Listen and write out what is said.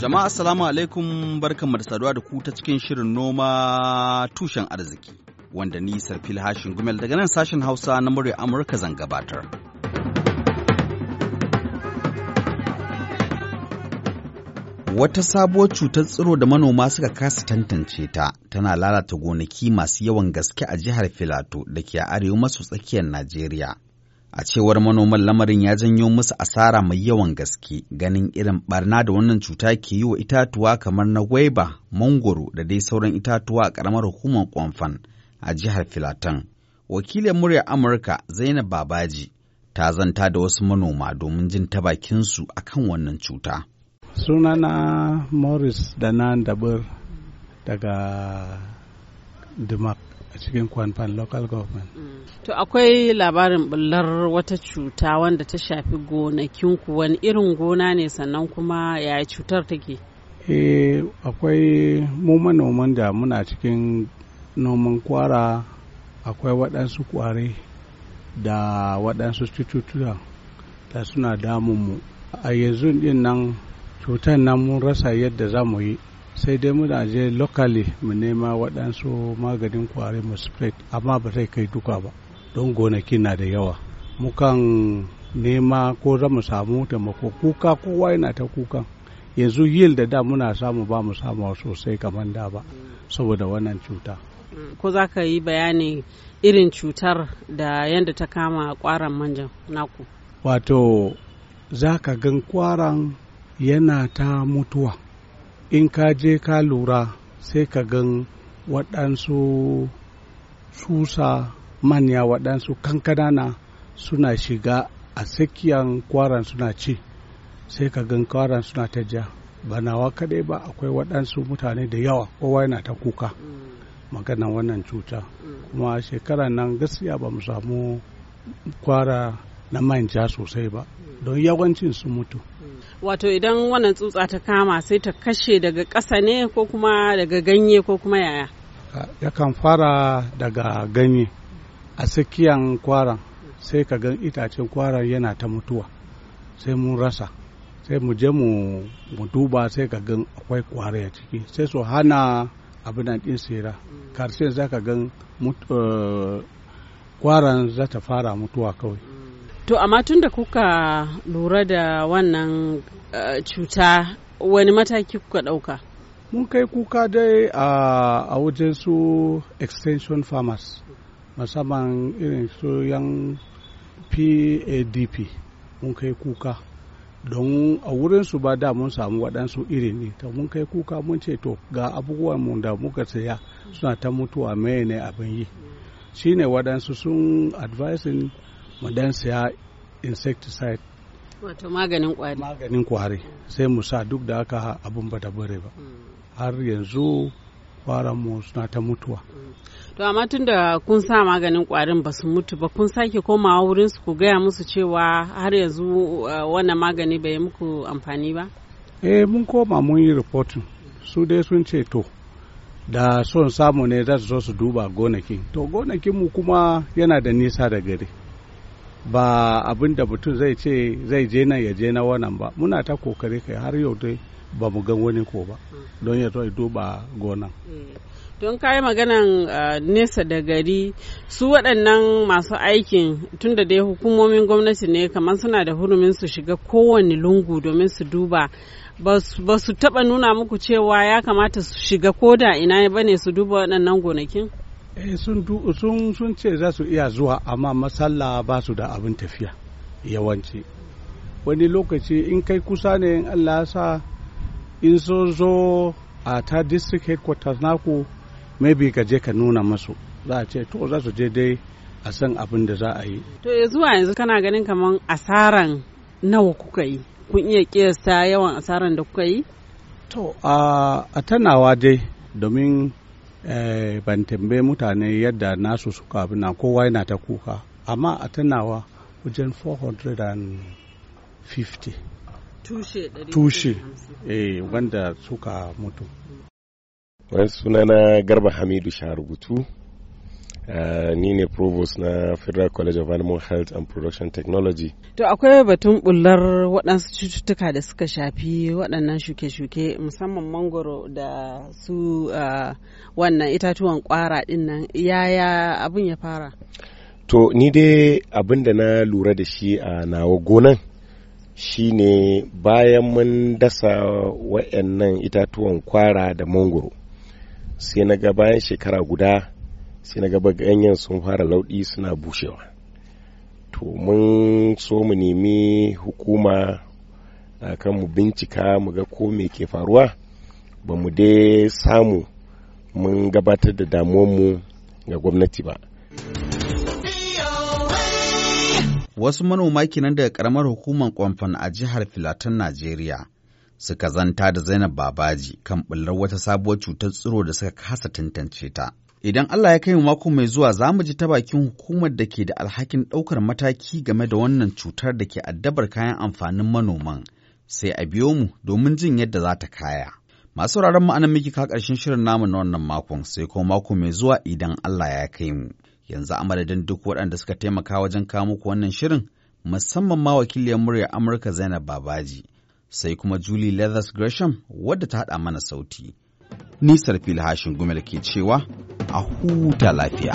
Jama'a assalamu alaikum barkanmu da saduwa da ku ta cikin shirin noma tushen arziki wanda ni Sarfil Hashin Gumel daga nan sashen Hausa na murya Amurka zan gabatar. Wata sabuwar cutar tsiro da manoma suka kasa tantance ta tana lalata gonaki masu yawan gaske a jihar Filato da ke arewa maso tsakiyar Najeriya. A cewar manoman lamarin ya janyo musu asara mai yawan gaske ganin irin barna da wannan cuta ke yi wa itatuwa kamar na gwaiba, mangoro da dai sauran itatuwa a ƙaramar hukumar kwamfan a jihar Filatan. Wakilin murya Amurka Zainab Babaji ta zanta da wasu manoma domin jin ta bakinsu kan wannan cuta. Sunana Morris da nan daga Dumak. a cikin kwanfan local government. Mm. To akwai labarin bullar wata cuta wanda ta shafi gonakinku wani irin gona ne sannan kuma yaya cutar take? Eh akwai mu manoman da muna cikin noman kwara akwai waɗansu kwari da waɗansu cututtuka da suna damunmu. A yanzu din nan cutar nan mun rasa yadda za mu yi sai dai muna je lokali mu nema waɗansu maganin kwari mu spread amma ba zai kai duka ba don gonaki na da yawa mukan nema ko za mu samu taimako kuka kowa yana ta kukan yanzu yil da da muna samu ba mu samu sosai kamar da ba saboda wannan cuta ko za ka yi bayani irin cutar da yadda ta kama kwaran manjan naku wato za ka gan kwaran yana ta mutuwa in ka je ka lura sai ka gan waɗansu susa manya waɗansu kankanana suna shiga a tsakiyar kwaran suna ci sai ka gan kwaran suna ta ja ba nawa kaɗai ba akwai waɗansu mutane da yawa kowa yana ta kuka maganan wannan cuta kuma shekarar nan gaskiya ba mu samu kwara na manja sosai ba don yawancin su mutu wato idan wannan tsutsa ta kama sai ta kashe daga ƙasa ne ko kuma daga ganye ko kuma yaya ah, yakan fara daga ganye a tsakiyan kwaran sai ka gan itacen kwaran yana ta mutuwa sai mun rasa sai mu je mu duba sai ka gan akwai kwari a ciki sai su hana abin nan din tsira mm. karshen za ka gan eh, kwaran za ta fara mutuwa kawai To amma tun da kuka lura da wannan eh, cuta wani mataki kuka ɗauka? Mun kai kuka dai a wajen su extension farmers musamman irin su yan PADP mun kai kuka don a wurinsu ba da mun samu waɗansu irin ne ta mun kai kuka mun ce to ga abubuwan mu da muka saya suna ta mutuwa mai ne abin yi shine waɗansu sun advising mu dan siya insecticide wato maganin kwari maganin kwari sai mu sa duk da aka abun ba ta bare ba hmm. har yanzu mu suna ta mutuwa hmm. to amma tun da kun sa maganin kwarin ba su mutu ba kun sake komawa wurin su ku gaya musu cewa har yanzu eh, wannan magani bai yi muku amfani ba eh mun koma mun yi reporting su dai sun ce to da son samu ne za su zo su duba gonakin to gonakin mu kuma yana da nisa da gari ba abin da mutum zai ce zai je nan ya je na wannan ba muna ta kokari kai har yau dai ba mu gan wani ko ba mm. don ya zo duba gonan mm. don kayi maganan uh, nesa da gari su waɗannan masu aikin tun da dai hukumomin gwamnati ne kamar suna da hurumin su shiga kowane lungu domin su duba ba su taɓa nuna muku cewa ya kamata su shiga koda ina ba ne su duba waɗannan gonakin Eh, sun sun ce za su iya zuwa amma masalla ba su da abin tafiya yawanci wani lokaci in kai kusa ne in allah sa in so zo a ta district headquarters naku maybe ka je ka nuna masu za a ce to za su je dai a san abin da za a yi to ya zuwa yanzu kana ganin kamar asaran nawa kuka yi kun iya kiyasta yawan asaran da kuka yi to a tanawa dai domin Eh, ban tambaye mutane yadda nasu suka abin na kowa yana ta kuka amma a tunawa wajen 450 tushe eh, wanda suka mutu wani sunana garba hamidu sha rubutu Eh, ni ne provost na federal college of animal health and production technology to akwai batun bullar waɗansu cututtuka da suka shafi waɗannan shuke-shuke musamman mangoro da su eh, wannan itatuwan ƙwara ɗin nan yaya abin ya fara to ni dai abin da na lura da shi a nawa gonan shine bayan mun dasa wa'annan itatuwan kwara da mangoro sai na ga bayan shekara guda sai na gaba ganyen sun fara lauɗi suna bushewa to mun so mu nemi hukuma kan mu bincika mu ga ko me ke faruwa ba mu dai samu mun gabatar da damuwanmu ga gwamnati ba wasu manoma kenan daga karamar hukumar kwamfan a jihar filatan najeriya suka zanta da zainab babaji kan bullar wata sabuwar cutar tsiro da suka kasa tantance ta Idan Allah ya kai mu mako mai zuwa za mu ji ta bakin hukumar da ke da alhakin ɗaukar mataki game da wannan cutar da ke addabar kayan amfanin manoman. Sai a biyo mu domin jin yadda za ta kaya. Masu sauraron ma'anar anan miki ka ƙarshen shirin namu na wannan makon sai kuma mako mai zuwa idan Allah ya kai mu. Yanzu a madadin duk waɗanda suka taimaka wajen kawo muku wannan shirin musamman ma wakiliyar murya Amurka Zainab Babaji. Sai kuma Julie Leathers Gresham wadda ta haɗa mana sauti. Nisar filhashin gumel ke cewa a huta lafiya.